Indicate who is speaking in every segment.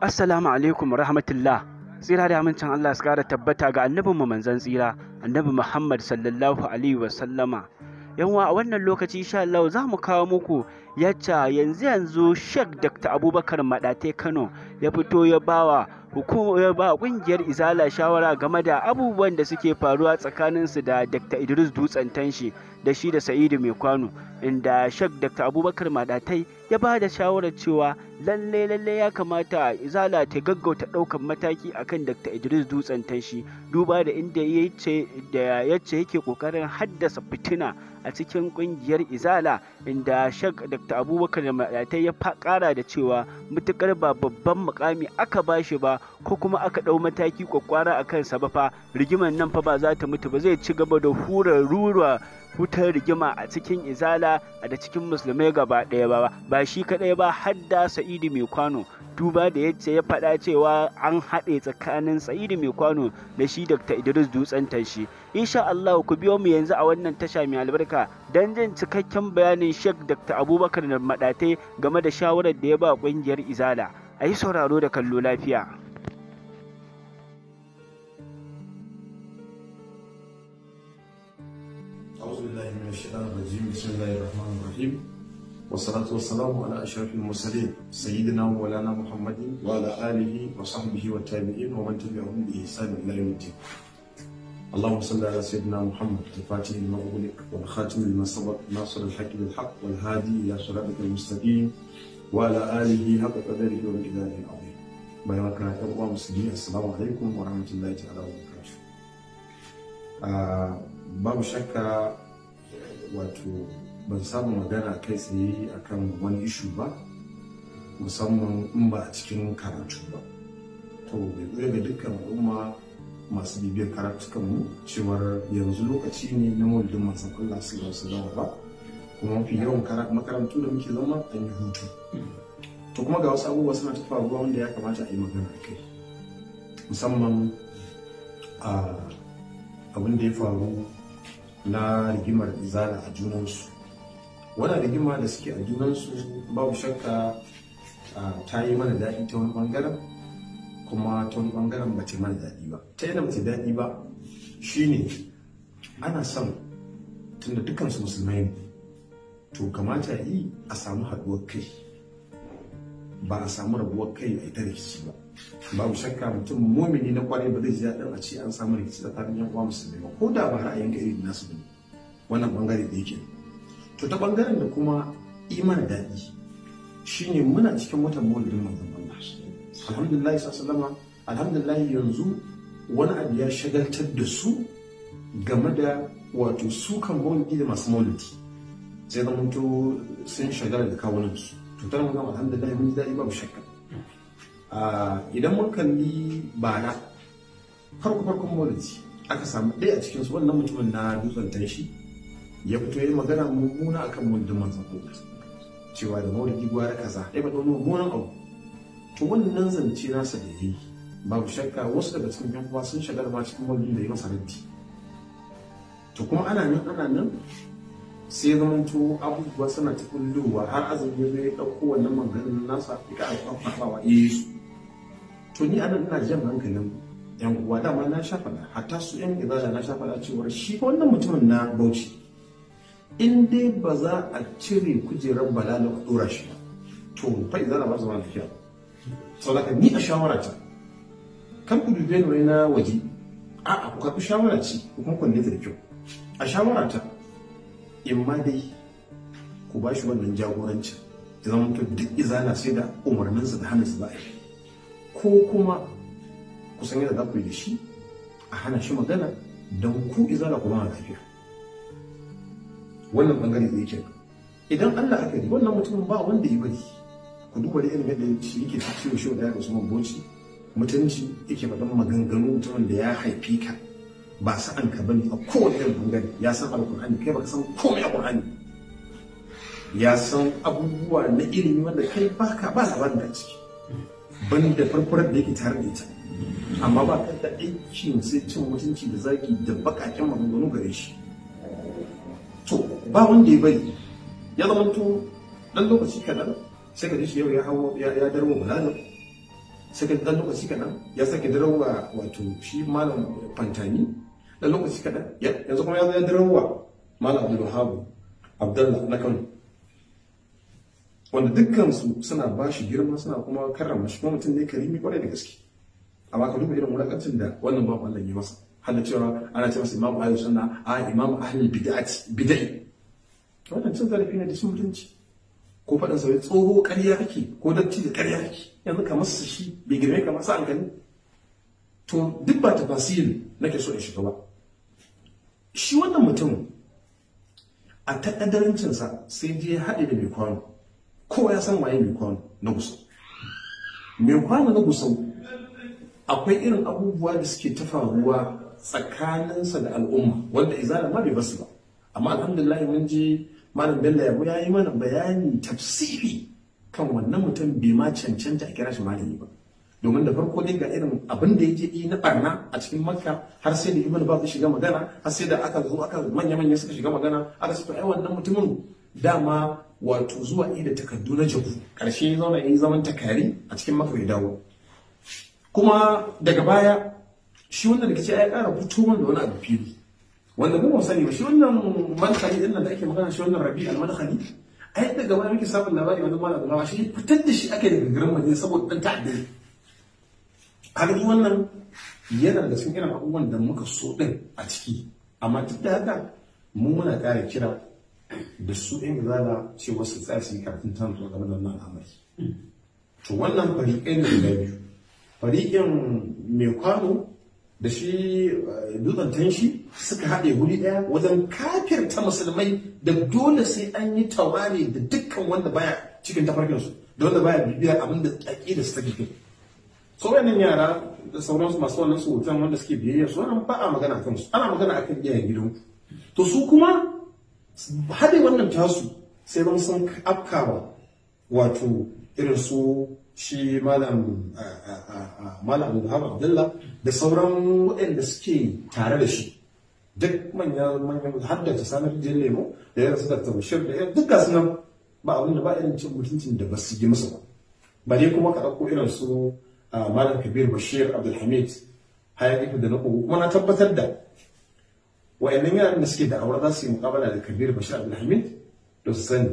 Speaker 1: Assalamu alaikum rahmatullah. Tsira da amincin Allah su kara tabbata ga annabin mu manzon tsira, annabi Muhammad sallallahu alaihi wa sallama. Yanwa a wannan lokaci insha Allah za mu kawo muku yacca yanzu yanzu Sheikh Dr. Abubakar Madate Kano ya fito ya bawa hukumar ya ba kungiyar Izala shawara game da abubuwan da suke faruwa tsakaninsu da Dr. Idris Dutsen Tanshi. da shi da sa'idu mai kwano inda shak dr abubakar madatai ya ba da shawarar cewa lalle lalle ya kamata izala ta gaggauta ɗaukar mataki akan dr idris dutsen tashi duba da inda da yace yake kokarin haddasa fitina a cikin kungiyar izala inda shak dr abubakar madatai ya kara da cewa mutukar ba babban mukami aka bashi ba ko kuma aka ɗau mataki kwakwara akan sa ba fa rigimar nan fa ba za ta mutu ba zai ci gaba da hura rura wutar rigima a cikin izala da cikin musulmai gaba ɗaya ba ba shi kaɗai ba hadda sa'idu mai kwano duba da yace ya faɗa cewa an haɗe tsakanin sa'idu mai kwano da shi dr idris dutsen tashi insha allah ku biyo mu yanzu a wannan tasha mai albarka don jin cikakken bayanin shek dr abubakar na maɗate game da shawarar da ya ba ƙungiyar izala a yi sauraro da kallo lafiya
Speaker 2: الشيطان الرجيم بسم الله الرحمن الرحيم والصلاة والسلام على أشرف المرسلين سيدنا ومولانا محمد وعلى آله وصحبه والتابعين ومن تبعهم بإحسان إلى يوم الدين اللهم صل على سيدنا محمد الفاتح لما أغلق والخاتم لما سبق ناصر الحق بالحق والهادي إلى صراطك المستقيم وعلى آله حق قدره ومقداره العظيم بارك الله مسلمين السلام عليكم ورحمة الله تعالى وبركاته آه babu shakka wato ban samu magana kai tsaye akan wani ishu ba musamman in ba a cikin karatu ba to bai ga dukkan al'umma masu bibiyar karatukan mu cewar yanzu lokaci ne na masu kula su ga su zama ba kuma mafi yawan makarantu da muke zama an yi hutu to kuma ga wasu abubuwa suna ta faruwa wanda ya kamata a yi magana kai musamman ah, abin da ya faru na rigimar izala a junansu wannan rigima da suke a junansu babu shakka ta yi mana daɗi ta wani ɓangaren kuma ta wani ɓangaren ba ta mana daɗi ba ta yana ba daɗi ba shine ana son tunda dukansu musulmai ne to kamata yi a samu haɗuwar kai ba a samu rabuwar kai a ita rikici ba babu shakka mutum mumini na kwarai ba zai ji daɗin a ce an samu rikici tsakanin yan uwa musulmi ba ko da ba ra'ayin ga irin nasu ne wannan bangare da yake to ta bangaren da kuma iman daɗi shine muna cikin watan maulidin manzon Allah alhamdulillah sallama alhamdulillah yanzu wani abu ya shagaltar da su game da wato su kan maulidi da masu maulidi sai zama sun shagala da kawunan su to tana magana alhamdulillah mun ji daɗi babu shakka Ah, idan mun kalli bana farko farkon maulidi aka samu ɗaya a su wannan mutumin na dutsen tanshi ya fito yi magana mummuna akan maulidin manzon Allah cewa da maulidi gwara kaza ɗaya ba wani mummunan abu to wannan zance nasa da yi babu shakka wasu daga cikin yan kuma sun shagar ma cikin maulidin da ya masa raddi to kuma ana nan ana nan sai zama to abubuwa suna ta kullowa har azumi ya ɗauko wannan maganin nasa ya ƙara alfafawa ya yi su to ni anan ina jan hankalin yan uwa dama na sha faɗa hatta su yan izaja na sha faɗa cewar shi wannan mutumin na bauchi in dai ba za a cire kujerar bala na dora shi ba to fa zara ba zama lafiya sau da ni a shawara ta kan ku dube ni na waje a'a ku karbi shawara ce ku kuma kunne ta da kyau a shawara ta in ma dai ku ba shi wannan jagorancin zama to duk izana sai da umarninsa da hannunsa za a yi ko kuma ku san yadda za ku yi da shi a hana shi magana don ku izala ku ba lafiya wannan bangare zai ke idan Allah aka yi wannan mutumin ba wanda ya bari ku duba da irin yadda shi yake ciwo shi da ya Usman boci mutunci yake faɗan maganganu mutumin da ya haifi ka ba sa'an ka bane a kowane irin bangare ya san alkur'ani kai baka san komai alkur'ani ya san abubuwa na ilimi wanda kai baka ba labarin da ciki ban da farfarar da yake tare da ita amma ba ka da aikin sai cin mutunci da zaki da bakakin maganganu gare shi to ba wanda ya bari ya zama to dan lokaci kaɗan sai ka shi yau ya hawo ya darwa mulanin sai ka dan lokaci kaɗan ya sake darwa wato shi malam fantani dan lokaci kaɗan yanzu kuma ya zo ya darwa malam abdulwahabu abdullah na kano wanda dukkansu suna ba shi girma suna kuma karrama shi kuma mutum ne karimi kwarai da gaske amma ka duba irin wulakacin da wannan babu Allah ya masa har cewa ana ce masa imamu ahlus sunna a imamu ahli bid'ati bid'i wannan cin zarafi ne da sun mutunci ko faɗin sa tsoho ƙarya kake ko datti da ƙarya kake yanzu ka masa shi bai girme ka masa an gani to duk ba ta tafasiri nake so in shiga ba shi wannan mutum a taɗadarancinsa sai je haɗe da mai kwano kowa ya san waye mai kwano na gusau mai kwano na gusau akwai irin abubuwa da suke ta faruwa tsakaninsa da al'umma wanda izala ma bai basu ba amma alhamdulillah mun je malam bello yabo ya yi mana bayani tafsiri kan wannan mutum bai ma cancanta a kira shi malami ba domin da farko dai ga irin abin da yake yi na barna a cikin makka har sai da ibn babu shiga magana har sai da aka zo aka manya manya suka shiga magana aka ce ai wannan mutumin dama wato zuwa ida takardu na jabu karshe ya zauna yi zaman takari a cikin mafi dawo kuma daga baya shi wannan rikici ya kara fito da wani abu fili wanda mu ba sani ba shi wannan malkhali din nan da ake magana shi wannan rabi al a ai daga baya muke samun labari wani malam da shi fitar da shi ake da gangaren waje saboda dan ta'addari a duk wannan yana da cikin irin abubuwan da muka so din a ciki amma duk da haka mu muna kara kira da su yan zala ce wasu tsasi su yi karatun ta game da wannan al'amari to wannan fariƙai ne guda biyu fariƙin mai kwano da shi eh, dutsen tanshi suka haɗe guri ɗaya wajen ta musulmai da dole sai an yi tawari da dukkan wanda baya cikin tafarkinsu da wanda baya bibiyar abin da tsaki da su ta yara da sauransu masu wannan surutan wanda suke biyayya su an ba a magana kan su ana magana a kan iya gidan to su kuma haɗe wannan tasu sai ban san afkawa wato irin su shi malam Buhari Abdullah da sauran waɗanda suke tare da shi duk manyan manyan har da sanar jin lemo da yanzu da tabashir da yadda duka sunan ba abin da ba irin cin mutuncin da ba su yi musu ba ba dai kuma ka ɗauko irin su malam kabir bashir abdulhamid hayan da na kuma na tabbatar da wa'annan yaran da suke da aure za su yi mukabala da kabir bashir abdulhamid da sani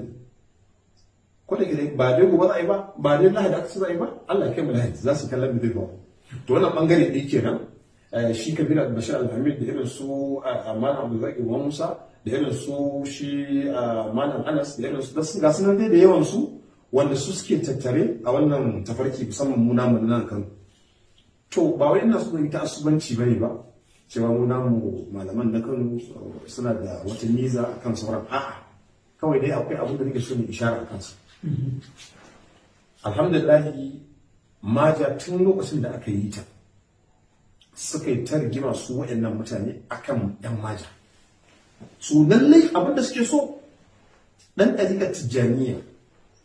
Speaker 2: ko da ba dai gobe za a yi ba ba dai lahadi aka za a ba allah kai mu lahadi za su kallon da ba to wannan bangare ɗaya kenan eh, shi kabir bashir abdulhamid da eh, musa da irin su eh, malam anas da irin su ga da yawan su wanda su suke tattare a wannan tafarki musamman mu namu nan kan to ba wai ina so ta asubanci bane ba cewa mu namu malaman na kano uh, suna da wata niza a kan sauran a'a kawai dai akwai abin da nake so ne ishara a kansu alhamdulillahi maja tun lokacin da aka yi ta suka yi ta su waɗannan mutane akan yan maja su lallai abin da suke so dan ɗariƙar tijjaniya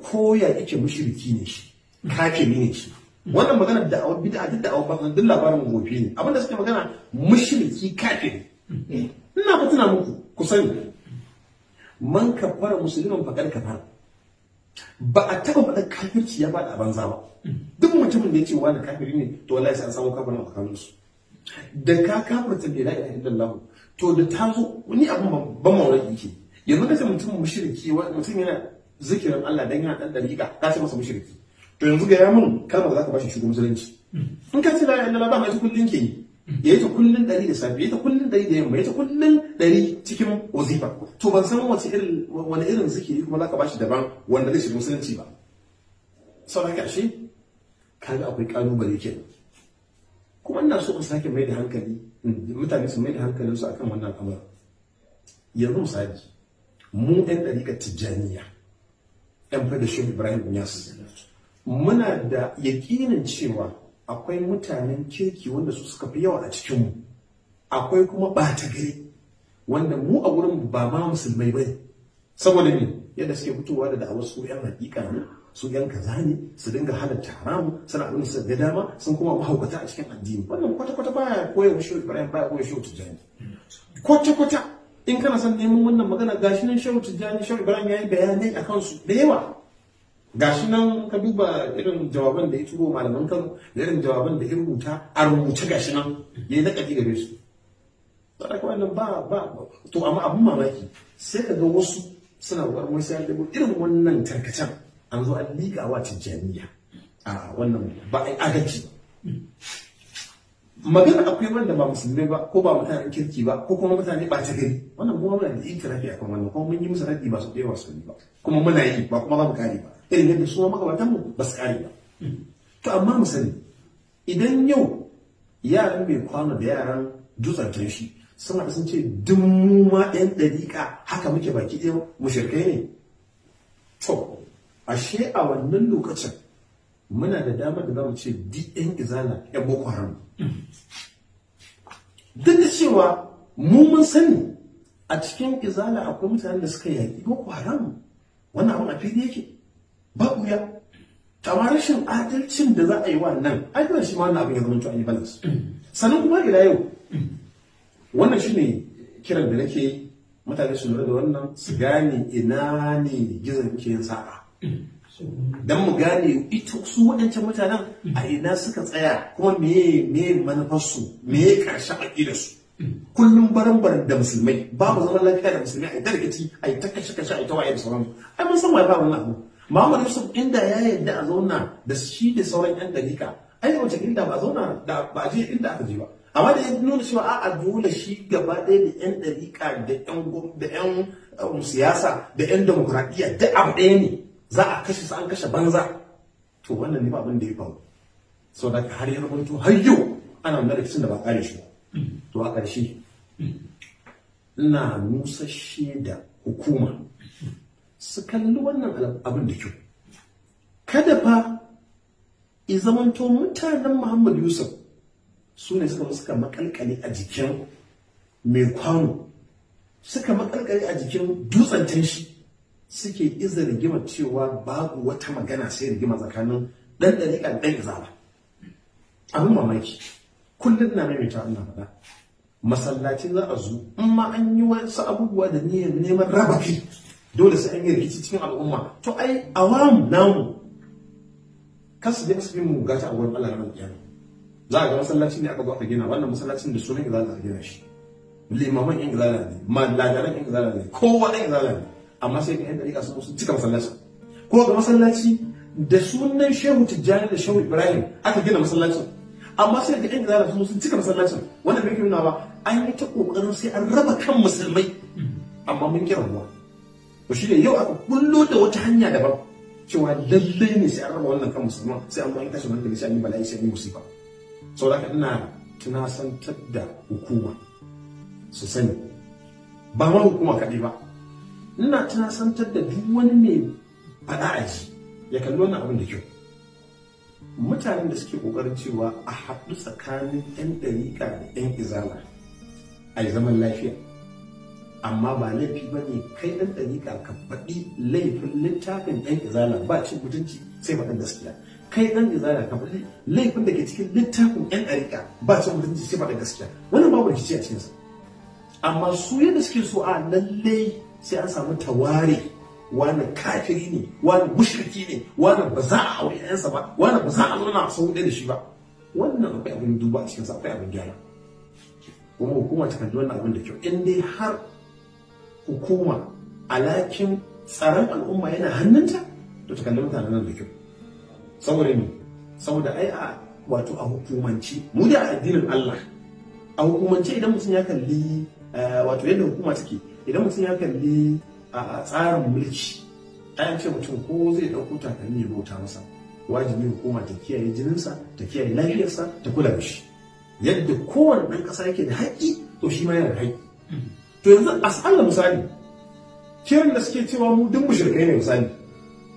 Speaker 2: ko ya yake mushriki ne shi kafiri ne shi wannan magana da awar a duk da awar an duk labarin gofi ne abinda suke magana mushriki kafiri ina ku tuna muku ku sani man kafara musulmin fakar kafara ba a taba faɗa kafirci ya faɗa banza ba duk mutumin da ya ce wani kafiri ne to wallahi sai an samu kafirin a kan su da ka kafirta da la ilaha illallah to da ta zo wani abin ban maulaki yake yanzu kace mutum mushriki mutum yana zikirin Allah dan yana dan dariƙa ka ce masa mushriki to yanzu ga mun ba za ka bashi shigo musulunci in ka ce la ilaha illallah ba mai kullun ke yi ya yi ta kullun dari da safe ya ta kullun dari da yamma ya ta kullun dari cikin wazifa to ban san wace irin wani irin zikiri kuma ka bashi daban wanda zai shiga musulunci ba sau da ƙarshe kaga akwai ƙalubale kenan kuma ina so in sake mai da hankali mutane su mai da su akan wannan abu yanzu misali mu ɗan ɗari ka tijjaniya da fadashin ibrahim bin yasir muna da yakinin cewa akwai mutanen kirki wanda su suka fi yawa a cikinmu akwai kuma ɓata gari wanda mu a wurin ba ma musulmai bai saboda ne yadda suke fitowa da da'awar su yan hakika ne su yan kaza ne su dinga halatta taramu suna abin su da dama sun kuma mahaukata a cikin addini wannan kwata kwata baya koyar shi Ibrahim baya koyar shi kwata kwata in kana son neman wannan magana gashi nan Shehu Tijjani shi Ibrahim yayi bayanai akan su da yawa gashi nan ka duba irin jawaban da ya turo malaman kano da irin jawaban da ya rubuta a rubuce gashi nan ya yi nakaji gare su kawai wannan ba ba to amma abin mamaki sai ka ga wasu suna ƙoƙarin wani sayar da irin wannan tarkacen an zo an liƙa wa tijjaniya a wannan ba a yi agaji magana akwai wanda ba musulmai ba ko ba mutanen kirki ba ko kuma mutane ba ta gari wannan kuma muna da a kan wannan kuma mun yi musu raddi ba su ɗaya ba su ba kuma muna yi ba kuma za mu kare ba irin yadda su ba su kare ba to amma mu idan yau yaran mai kwana da yaran dutsen tanshi suna sun ce duk mu ma ɗan ɗariƙa haka muke baki ɗaya shirkai ne to ashe a wannan lokacin muna da damar da zamu ce duk ɗan izala ɗan boko haram duk da cewa mu mun sani a cikin izala akwai mutanen da suka yaƙi boko haram wannan abin a fili yake ba wuya amma rashin adalcin da za a yi wannan ai dole shi ma wannan abin ya zama cewa yi balance sannan kuma ila yau wannan shine kiran da nake mutane su lura da wannan su gane ina ne gizon ke yin sa'a don mu gane ita su waɗancan mutanen a ina suka tsaya kuma meye meye manufarsu meye karshe aƙida su kullum barambar da musulmai babu zaman lafiya da musulmai a yi rikici, a yi ta kashe kashe a yi ta waye da sauransu ai mun san waye ba wannan abu Muhammad Yusuf inda ya yadda a zauna da shi da sauran yan dalika ai wace inda ba zauna da ba je inda aka je ba amma da ya nuna cewa a'a dole shi gaba ɗaya da yan dalika da yan um, siyasa da yan demokradiyya da abu ɗaya ne za a kashe su an kashe banza to wannan ne ba abin da ya faru sau da har ya rubuto har yau ana nuna da ba kare shi ba. to a ƙarshe ina nusa da hukuma su kalli wannan abin da kyau kada fa i zamanto mutanen Muhammad Yusuf su ne suka makalkale a jikin mai kwano suka makalkale a jikin dutsen shi suke iza rigima cewa babu wata magana sai rigima tsakanin dan dariƙa dan zaba. abin mamaki kullum na mai mita Allah faɗa masallaci za a zo in ma an yi wasu abubuwa da niyyar neman raba kai dole sai an yi rikici cikin al'umma to ai awam namu kasu ne kasu mu gata a wurin Allah ranar kiyama za a ga masallaci ne aka gwafa gina wannan masallacin da sunan izala a gina shi limaman yan izala ne maladaran yan izala ne kowa yan izala ne amma sai ga yan dariƙa sun sun cika masallaci ko ga masallaci da sunan shehu tijjani da shehu ibrahim aka gina masallacin amma sai ga yan izala su sun cika masallacin wannan bai nuna ba an yi ta kokarin sai an raba kan musulmai amma mun kira ruwa to shi yau aka kullo da wata hanya daban cewa lallai ne sai an raba wannan kan musulman sai an bayan kashe wannan daga sai an yi bala'i sai an yi musifa saboda haka ina tunasantar da hukuma su sani ba ma hukuma kaɗai ba ina tunasantar da duk wani mai faɗa a ji ya kalli wannan abin da kyau mutanen da suke ƙoƙarin cewa a haɗu tsakanin 'yan ɗariƙa da 'yan izala a zaman lafiya amma ba laifi ba ne kai ɗan ɗariƙa ka faɗi laifin littafin ɗan izala ba cin mutunci sai faɗin gaskiya kai ɗan izala ka faɗi laifin da ke cikin littafin ɗan ɗariƙa ba cin mutunci sai faɗin gaskiya wannan babu rikici a cikinsa amma su yadda suke so a lallai sai an samu taware wani kafiri ne wani mushriki ne wani ba za a aure yansa ba wani ba za a zauna a sau da shi ba wannan akwai abin duba a cikinsa akwai abin gyara kuma hukuma ta kalli wannan abin da kyau in dai har hukuma alakin tsaron al'umma yana hannunta to ta kalli mutanen nan da kyau saboda ne saboda ai a wato a hukumance, mu da addinin Allah a hukumance idan mutum ya kalli eh, wato yadda hukuma take idan mutum ya kalli a tsarin mulki an ce mutum ko zai ɗauko takalmi ya bauta masa wajibi hukuma ta kiyaye jininsa ta kiyaye lafiyarsa ta kula da shi yadda kowane ɗan ƙasa yake da haƙƙi to shi ma yana da haƙƙi to yanzu asalla misali kiran da suke cewa mu duk mushirkai ne misali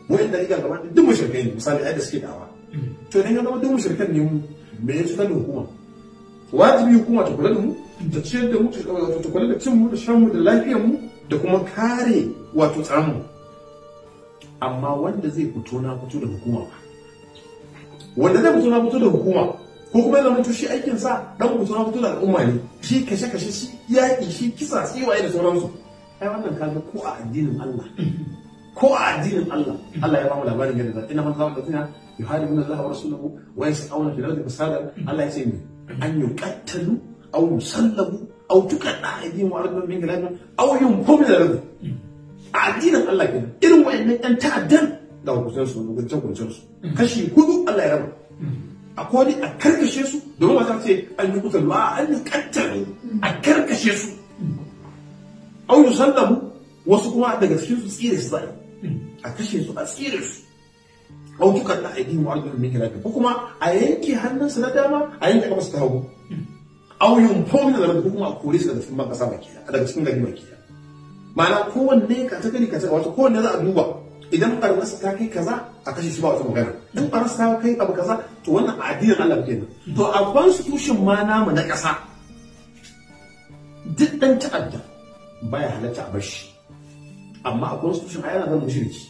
Speaker 2: wayan da riga gaba duk mushirkai ne misali ai da suke dawa to idan ya zama duk mushirkan ne mu me ya cutar da hukuma wajibi hukuma ta kula da mu ta ciyar da mu ta kula da cin mu da shan mu da lafiyar mu da kuma kare wato tsaron mu amma wanda zai fito na fito da hukuma wanda zai fito na fito da hukuma ko kuma yana mutu shi aikin sa dan mutu na fito da al'umma ne shi kashe kashe shi yi shi kisa tsiwaye da sauransu ai wannan kaga ko a addinin Allah ko a addinin Allah Allah ya ba mu labarin yadda zai ina man zama da tuna min Allah wa rasuluhu wa yas'aluna fil ardi fasada Allah ya ce ne an yuqattalu aw yusallabu aw tuqatta aydihim wa arjuluhum min khilaf aw yunfum min al-ardh a addinin Allah kenan irin wayannan ɗan ta'addan da hukuncin su hukuncin su kashi hudu Allah ya raba ko ni a karkashe su domin wata ce an yi kutar ma an yi kattare a karkashe su an yi sallamu wasu kuma daga cikin su tsire su zai a kashe su a tsire su yi tukar na aiki mu arzikin min kira ko kuma a yanke su na dama a yanke kamar ta hagu A yin fomin da ko kuma a kore su daga cikin makasa baki daga cikin gari baki ma'ana kowanne ka ta gani ka ta wato kowanne za a duba idan barnas ta kai kaza a kashe shi ba wata magana Idan barnas ta kai abu kaza to wannan addinin Allah kenan to a constitution ma namu na ƙasa duk dan ta'adda baya halatta a bashi amma a constitution a yana zama mushriki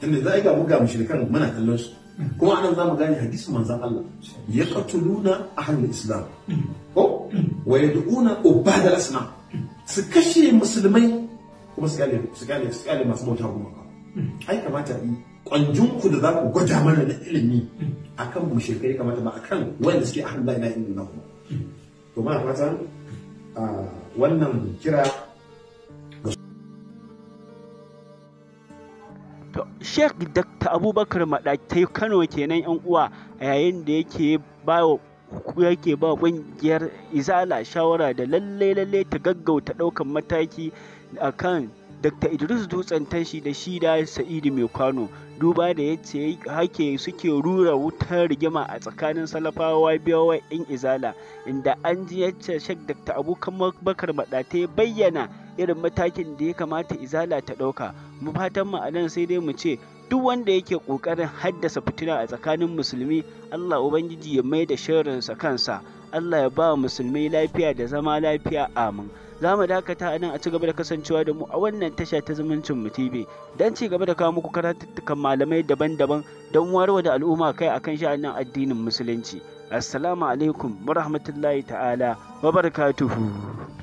Speaker 2: tunda za a ga muga mushrikan muna kallon su kuma anan za mu gane hadisin manzon Allah ya qatuluna ahlul islam ko wa yad'una ubadal asnam su kashe musulmai kuma su gane su su masu bauta goma ai kamata yi ku da za ku gwada mana na ilimi a kan mu shekaru kamata ba kan wanda suke a hannun la ilimin illallah to muna fatan wannan kira
Speaker 1: to Sheikh Dr. Abubakar Madatai Kano kenan yan uwa a yayin da yake bawo yake ba kungiyar izala shawara da lalle lalle ta gaggauta ɗaukan mataki akan Dr. Idris Dutsen tashi da shi da Sa'idu Mai Kwano duba da yace hake suke rura wutar rigima a tsakanin salafawa biyawa in izala inda an ji yace Sheikh Dr. Abubakar Bakar Madate bayyana irin matakin da ya kamata izala ta ɗauka mu fatan mu anan sai dai mu ce duk wanda yake ƙoƙarin haddasa fitina a tsakanin musulmi Allah ubangiji ya mai da shirinsa kansa Allah ya ba musulmi lafiya da zama lafiya amin za mu dakata a nan a ci gaba da kasancewa da mu a wannan tasha ta zumuncin mu TV don ci gaba da kawo muku karatuttukan malamai daban-daban don warwa da al'umma kai akan sha'anin addinin musulunci assalamu alaikum wa rahmatullahi ta'ala wa barakatuhu